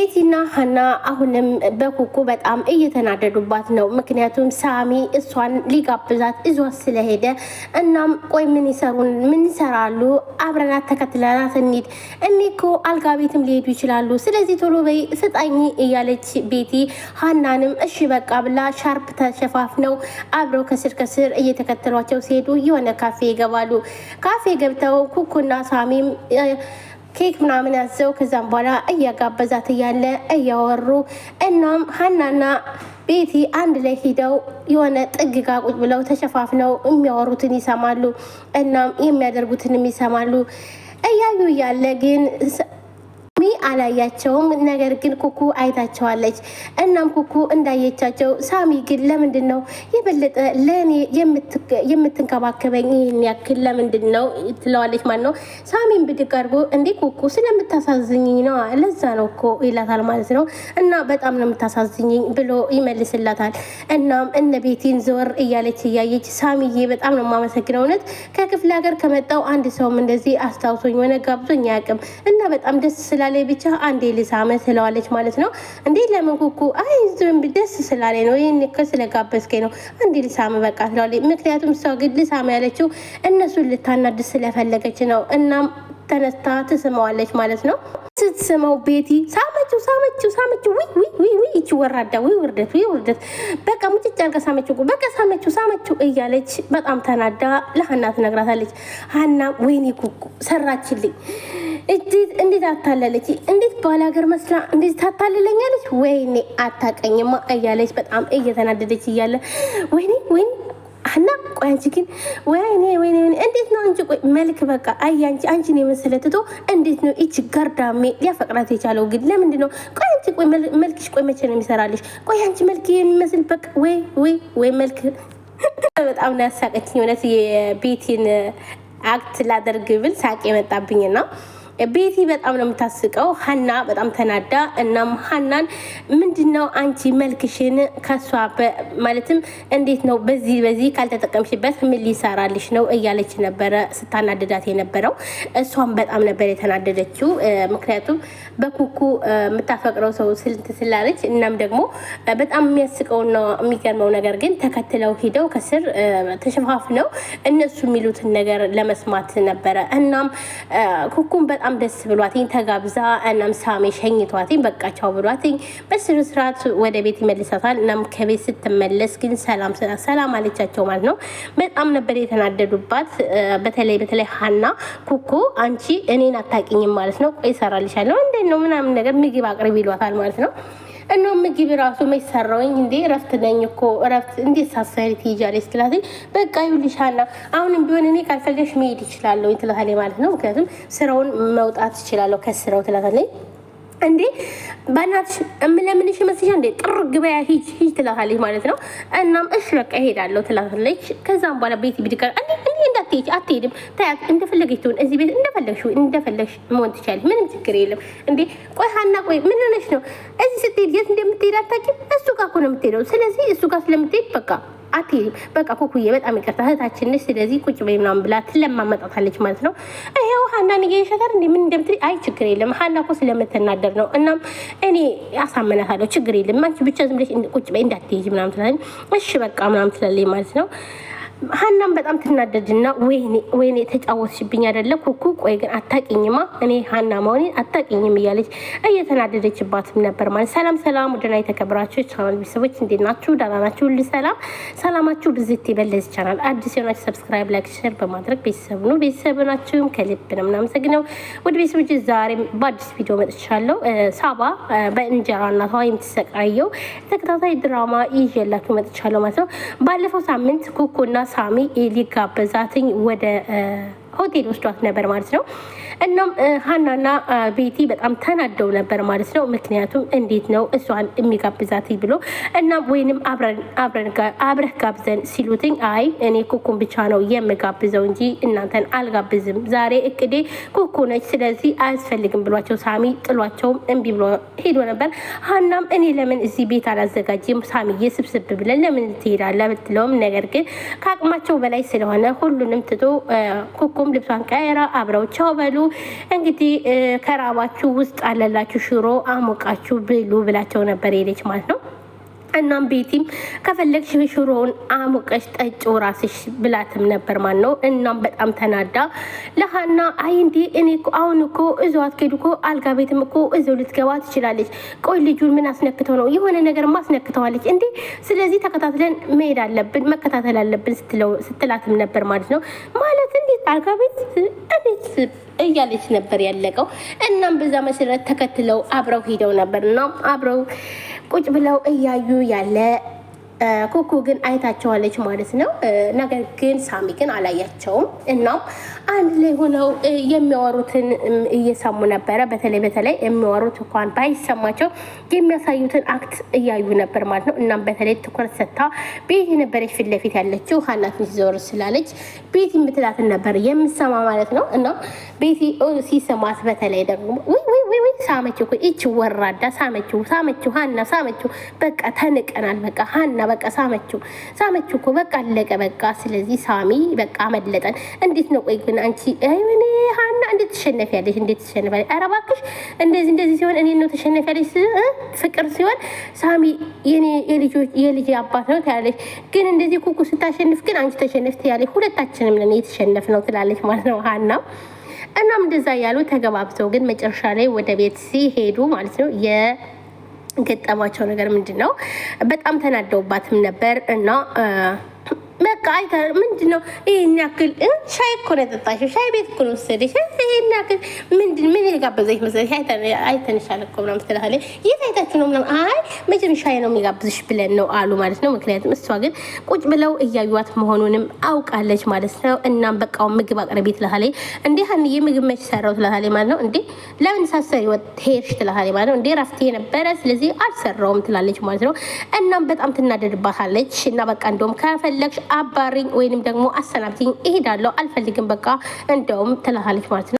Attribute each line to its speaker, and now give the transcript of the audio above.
Speaker 1: ቤቲና ሀና አሁንም በኩኩ በጣም እየተናደዱባት ነው። ምክንያቱም ሳሚ እሷን ሊጋብዛት እዟት ስለሄደ እናም ቆይ ምን ይሰሩን ምን ይሰራሉ? አብረናት ተከትለናት እንሂድ። እኒኮ አልጋ ቤትም ሊሄዱ ይችላሉ። ስለዚህ ቶሎ በይ ስጣኝ እያለች ቤቲ ሀናንም እሺ በቃ ብላ ሻርፕ ተሸፋፍነው አብረው ከስር ከስር እየተከተሏቸው ሲሄዱ የሆነ ካፌ ይገባሉ። ካፌ ገብተው ኩኩና ሳሚም ኬክ ምናምን ያዘው። ከዛም በኋላ እያጋበዛት እያለ እያወሩ እናም ሀናና ቤቲ አንድ ላይ ሂደው የሆነ ጥግ ጋ ቁጭ ብለው ተሸፋፍነው የሚያወሩትን ይሰማሉ። እናም የሚያደርጉትንም ይሰማሉ። እያዩ እያለ ግን አላያቸውም። ነገር ግን ኩኩ አይታቸዋለች። እናም ኩኩ እንዳየቻቸው ሳሚ ግን ለምንድን ነው የበለጠ ለእኔ የምትንከባከበኝ ይህን ያክል ለምንድን ነው ትለዋለች። ማለት ነው ሳሚን ብድግ አድርጎ እንዴ ኩኩ ስለምታሳዝኝ ነው ለዛ ነው እኮ ይላታል ማለት ነው። እና በጣም ነው የምታሳዝኝኝ ብሎ ይመልስላታል። እናም እነ ቤቲን ዘወር እያለች እያየች ሳሚዬ በጣም ነው የማመሰግነው እውነት ከክፍለ ሀገር ከመጣው አንድ ሰውም እንደዚህ አስታውሶኝ ሆነ ጋብዞኝ አያውቅም እና በጣም ደስ ስላለ ብቻ አንዴ ልሳመ ትለዋለች ማለት ነው። እንዴ ለምን ኩኩ? አይ ደስ ስላለ ነው፣ ይህን እኮ ስለጋበዝከኝ ነው፣ አንዴ ልሳመ በቃ ስለዋለ። ምክንያቱም እሷ ግን ልሳመ ያለችው እነሱን ልታናድስ ስለፈለገች ነው። እናም ተነስታ ትስመዋለች ማለት ነው። ስትስመው ቤቲ ሳመችው ሳመችው ሳመችው ይቺ ወራዳ ወይ ውርደት ወይ ውርደት በቃ ሙጭጭ አልጋ ሳመችው በቃ ሳመችው ሳመችው እያለች በጣም ተናዳ ለሀና ትነግራታለች። ሀና ወይኔ ኩኩ ሰራችልኝ እንዴት እንዴት አታለለች? እንዴት ባላገር መስላ እንዴት ታታለለኛለች? ወይኔ አታቀኝማ እያለች በጣም እየተናደደች እያለ ወይኔ ወይኔ አና ቆይ አንቺ ግን ወይኔ ወይኔ እንዴት ነው አንቺ ቆይ መልክ በቃ አይ አንቺ አንቺን የመሰለ ትቶ እንዴት ነው ይቺ ጋርዳሜ ሊያፈቅራት የቻለው ግን ለምንድን ነው? ቆይ አንቺ ቆይ መልክሽ ቆይ መቼ ነው የሚሰራልሽ? ቆይ አንቺ መልክ የሚመስል በቃ ወይ ወይ ወይ መልክ በጣም ነው ያሳቀችኝ። እውነት የቤቲን አክት ላደርግ ብል ሳቅ የመጣብኝና ቤቲ በጣም ነው የምታስቀው። ሀና በጣም ተናዳ፣ እናም ሀናን ምንድነው አንቺ መልክሽን ከሷ ማለትም እንዴት ነው በዚህ በዚህ ካልተጠቀምሽበት ምን ሊሰራልሽ ነው እያለች ነበረ ስታናደዳት የነበረው። እሷም በጣም ነበር የተናደደችው። ምክንያቱም በኩኩ የምታፈቅረው ሰው ስልት ስላለች እናም ደግሞ በጣም የሚያስቀውና የሚገርመው ነገር ግን ተከትለው ሂደው ከስር ተሸፋፍነው እነሱ የሚሉትን ነገር ለመስማት ነበረ። እናም ኩኩም በጣም በጣም ደስ ብሏትኝ ተጋብዛ እናም ሳሜ ሸኝቷትኝ በቃቸው ብሏትኝ በስነ ስርዓት ወደ ቤት ይመልሳታል። እናም ከቤት ስትመለስ ግን ሰላም አለቻቸው ማለት ነው። በጣም ነበር የተናደዱባት። በተለይ በተለይ ሀና ኩኩ አንቺ እኔን አታውቂኝም ማለት ነው። ቆይ እሰራልሻለሁ እንዴት ነው ምናምን ነገር ምግብ አቅርብ ይሏታል ማለት ነው። እና ምግብ ራሱ መሰራውኝ እንዴ እረፍት ነኝ እኮ እረፍት እንዴት ሳሰሪ ትይጃለች ትላለች። በቃ ይውልሻና አሁንም ቢሆን እኔ ካልፈለሽ መሄድ ይችላለሁ ትላለች ማለት ነው። ምክንያቱም ስራውን መውጣት ይችላለሁ ከስራው ትላለች። እንዴ በእናትሽ እምለምንሽ መስሻ እንዴ ጥሩ ግበያ ሂጅ ሂጅ ትላለች ማለት ነው። እናም እሽ በቃ እሄዳለሁ ትላለች። ከዛም በኋላ ቤት ቢድቀር ቢድጋ እንዳትሄጂ አትሄድም። ታያት እንደፈለገች ትሆን እዚህ ቤት እንደፈለግሽ እንደፈለግሽ መሆን ትቻለሽ። ምንም ችግር የለም። እንዴ ቆይ ሀና ቆይ ምን ሆነሽ ነው? እዚህ ስትሄድ የት እንደምትሄድ አታውቂም። እሱ ጋር እኮ ነው የምትሄደው። ስለዚህ እሱ ጋር ስለምትሄድ በቃ አትሄድም። በቃ ኩኩዬ በጣም ይቅርታ እህታችን ነች። ስለዚህ ቁጭ በይ ምናምን ብላ ትለማመጣታለች ማለት ነው። ይኸው ሀና ንገሸጋር እንዴ ምን እንደምትል አይ ችግር የለም ሀና እኮ ስለምትናደር ነው። እናም እኔ አሳመናታለሁ። ችግር የለም አንቺ ብቻ ዝም ብለሽ ቁጭ በይ እንዳትሄጂ ምናምን ትላለች። እሺ በቃ ምናምን ትላለች ማለት ነው። ሀናም በጣም ትናደድና ወይኔ የተጫወትሽብኝ አይደለ ኩኩ፣ ቆይ ግን አታቂኝማ እኔ ሀና መሆኔን አታቂኝም እያለች እየተናደደችባትም ነበር ማለት። ሰላም ሰላም፣ ወደና የተከበራችሁ ቻናል ቤተሰቦች እንዴት ናችሁ? ደህና ናችሁ? ሁሉ ሰላም ሰላማችሁ ብዝት ይበለዝ። ይቻላል አዲስ የሆናችሁ ሰብስክራይብ፣ ላይክ፣ ሸር በማድረግ ቤተሰብ ነው ቤተሰብ ናችሁም ከልብ ነው ምናመሰግነው ወደ ቤተሰቦች ዛሬም በአዲስ ቪዲዮ መጥቻለሁ። ሳባ በእንጀራ እናቷ የምትሰቃየው ተከታታይ ድራማ ይዤላችሁ መጥቻለሁ ማለት ነው። ባለፈው ሳምንት ኩኩና ሳሚ ሊጋበዛትኝ ወደ ሆቴል ወስዷት ነበር ማለት ነው። እናም ሀናና ቤቲ በጣም ተናደው ነበር ማለት ነው። ምክንያቱም እንዴት ነው እሷን የሚጋብዛት ብሎ እናም ወይንም አብረህ ጋብዘን ሲሉትኝ አይ እኔ ኩኩን ብቻ ነው የምጋብዘው እንጂ እናንተን አልጋብዝም፣ ዛሬ እቅዴ ኩኩ ነች፣ ስለዚህ አያስፈልግም ብሏቸው ሳሚ ጥሏቸውም እምቢ ብሎ ሄዶ ነበር። ሀናም እኔ ለምን እዚህ ቤት አላዘጋጅም ሳሚዬ ስብስብ ብለን ለምን ትሄዳለህ ብትለውም ነገር ግን ከአቅማቸው በላይ ስለሆነ ሁሉንም ትቶ ኩኩም እንዲሁም ልብሷን ቀይራ አብረው ቻው በሉ። እንግዲህ ከራባችሁ ውስጥ አለላችሁ ሽሮ አሞቃችሁ ብሉ ብላቸው ነበር ሄደች ማለት ነው። እናም ቤቲም ከፈለግሽ ሽሮውን አሙቀሽ ጠጪው ራስሽ ብላትም ነበር ማለት ነው። እናም በጣም ተናዳ ለሀና አይ እንዲ እኔ አሁን እኮ እዞ አትኬዱ እኮ አልጋ ቤትም እኮ እዞ ልትገባ ትችላለች። ቆይ ልጁን ምን አስነክተው ነው? የሆነ ነገር አስነክተዋለች እንዴ! ስለዚህ ተከታትለን መሄድ አለብን መከታተል አለብን ስትላትም ነበር ማለት ነው ማለት አልጋ ቤት እቤት እያለች ነበር ያለቀው። እናም በዛ መሰረት ተከትለው አብረው ሄደው ነበር እና አብረው ቁጭ ብለው እያዩ ያለ ኩኩ ግን አይታቸዋለች ማለት ነው። ነገር ግን ሳሚ ግን አላያቸውም። እናም አንድ ላይ ሆነው የሚያወሩትን እየሰሙ ነበረ። በተለይ በተለይ የሚያወሩት እንኳን ባይሰማቸው የሚያሳዩትን አክት እያዩ ነበር ማለት ነው። እናም በተለይ ትኩረት ሰታ ቤት የነበረች ፊት ለፊት ያለችው ሀናት ዞር ስላለች ቤት የምትላትን ነበር የምሰማ ማለት ነው። እና ቤት ሲሰማት በተለይ ደግሞ ሳመችው፣ ይች ወራዳ ሳመችው፣ ሳመችው፣ ሀና ሳመችው፣ በቃ ተንቀናል፣ በቃ ሀና በቃ ሳመችው፣ ሳመችው እኮ በቃ አለቀ በቃ። ስለዚህ ሳሚ በቃ መለጠን። እንዴት ነው ቆይ ግን አንቺ ምን ሀና እንዴት ትሸነፊያለሽ? እንዴት ትሸነፊያለሽ? ኧረ እባክሽ እንደዚህ እንደዚህ ሲሆን እኔ ነው ተሸነፊያለሽ። ፍቅር ሲሆን ሳሚ የልጅ አባት ነው ትያለሽ፣ ግን እንደዚህ ኩኩ ስታሸንፍ ግን አንቺ ተሸነፍ ትያለሽ። ሁለታችንም ነን የተሸነፍ ነው ትላለች ማለት ነው ሀና እናም እንደዛ ያሉ ተገባብተው ግን መጨረሻ ላይ ወደ ቤት ሲሄዱ ማለት ነው ገጠማቸው ነገር ምንድን ነው? በጣም ተናደውባትም ነበር እና በቃ አይታ ምንድን ነው ይህን ያክል ሻይ እኮ ነው የጠጣሽው፣ ሻይ ቤት እኮ ነው ወሰደሽ። ይህን ያክል ምንድን ምን የጋበዘሽ መሰለሽ? አይተንሻል እኮ ምናምን ስትላለ የት አይታችሁ ነው ምናምን። አይ መቼም ሻይ ነው የሚጋብዝሽ ብለን ነው አሉ ማለት ነው። ምክንያቱም እሷ ግን ቁጭ ብለው እያዩዋት መሆኑንም አውቃለች ማለት ነው። እናም በቃው ምግብ አቅርቢ ትላለ። እንዴ ሀንዬ ምግብ መች ሰራው ትላለ ማለት ነው። እንዴ ለምን ሳሰሪ ሄድሽ ትላለ ማለት ነው። እንዴ ራፍቴ ነበረ ስለዚህ አልሰራውም ትላለች ማለት ነው። እናም በጣም ትናደድባታለች እና በቃ እንደውም ከፈለግሽ አባሪኝ ወይንም ደግሞ አሰናብትኝ፣ እሄዳለሁ፣ አልፈልግም፣ በቃ እንደውም ትልሃለች ማለት ነው።